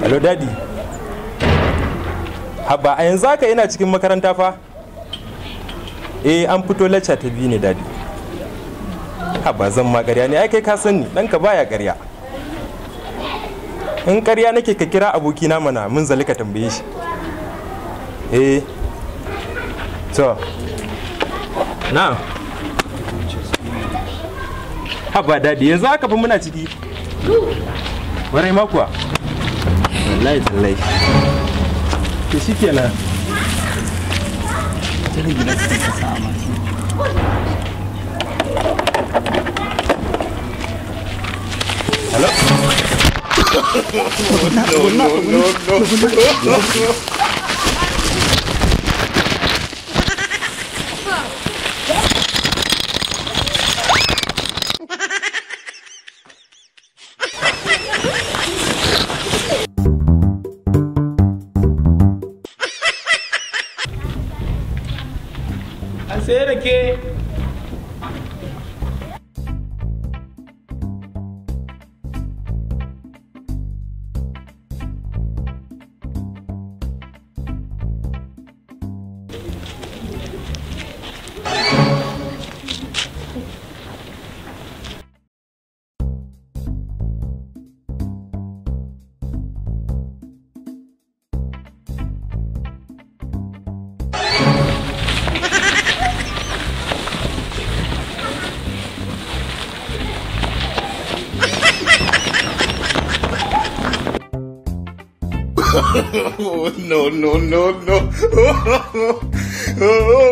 Hello daddy. Haba a yanzu haka ina cikin makaranta fa? Eh an fito lacca ta biyu ne daddy. Haba zan ma ƙarya ne ai kai ka sani ɗanka baya ƙarya. In ƙarya nake ka kira abokina mana mun zalika ka tambaye shi. Eh. To. Na. haba dadi yanzu haka fa muna ciki warai ma kuwa wallahi tallahi ke shikenan tare a Hello? no, no, no, no, no, no, a sera que no, no, no, no.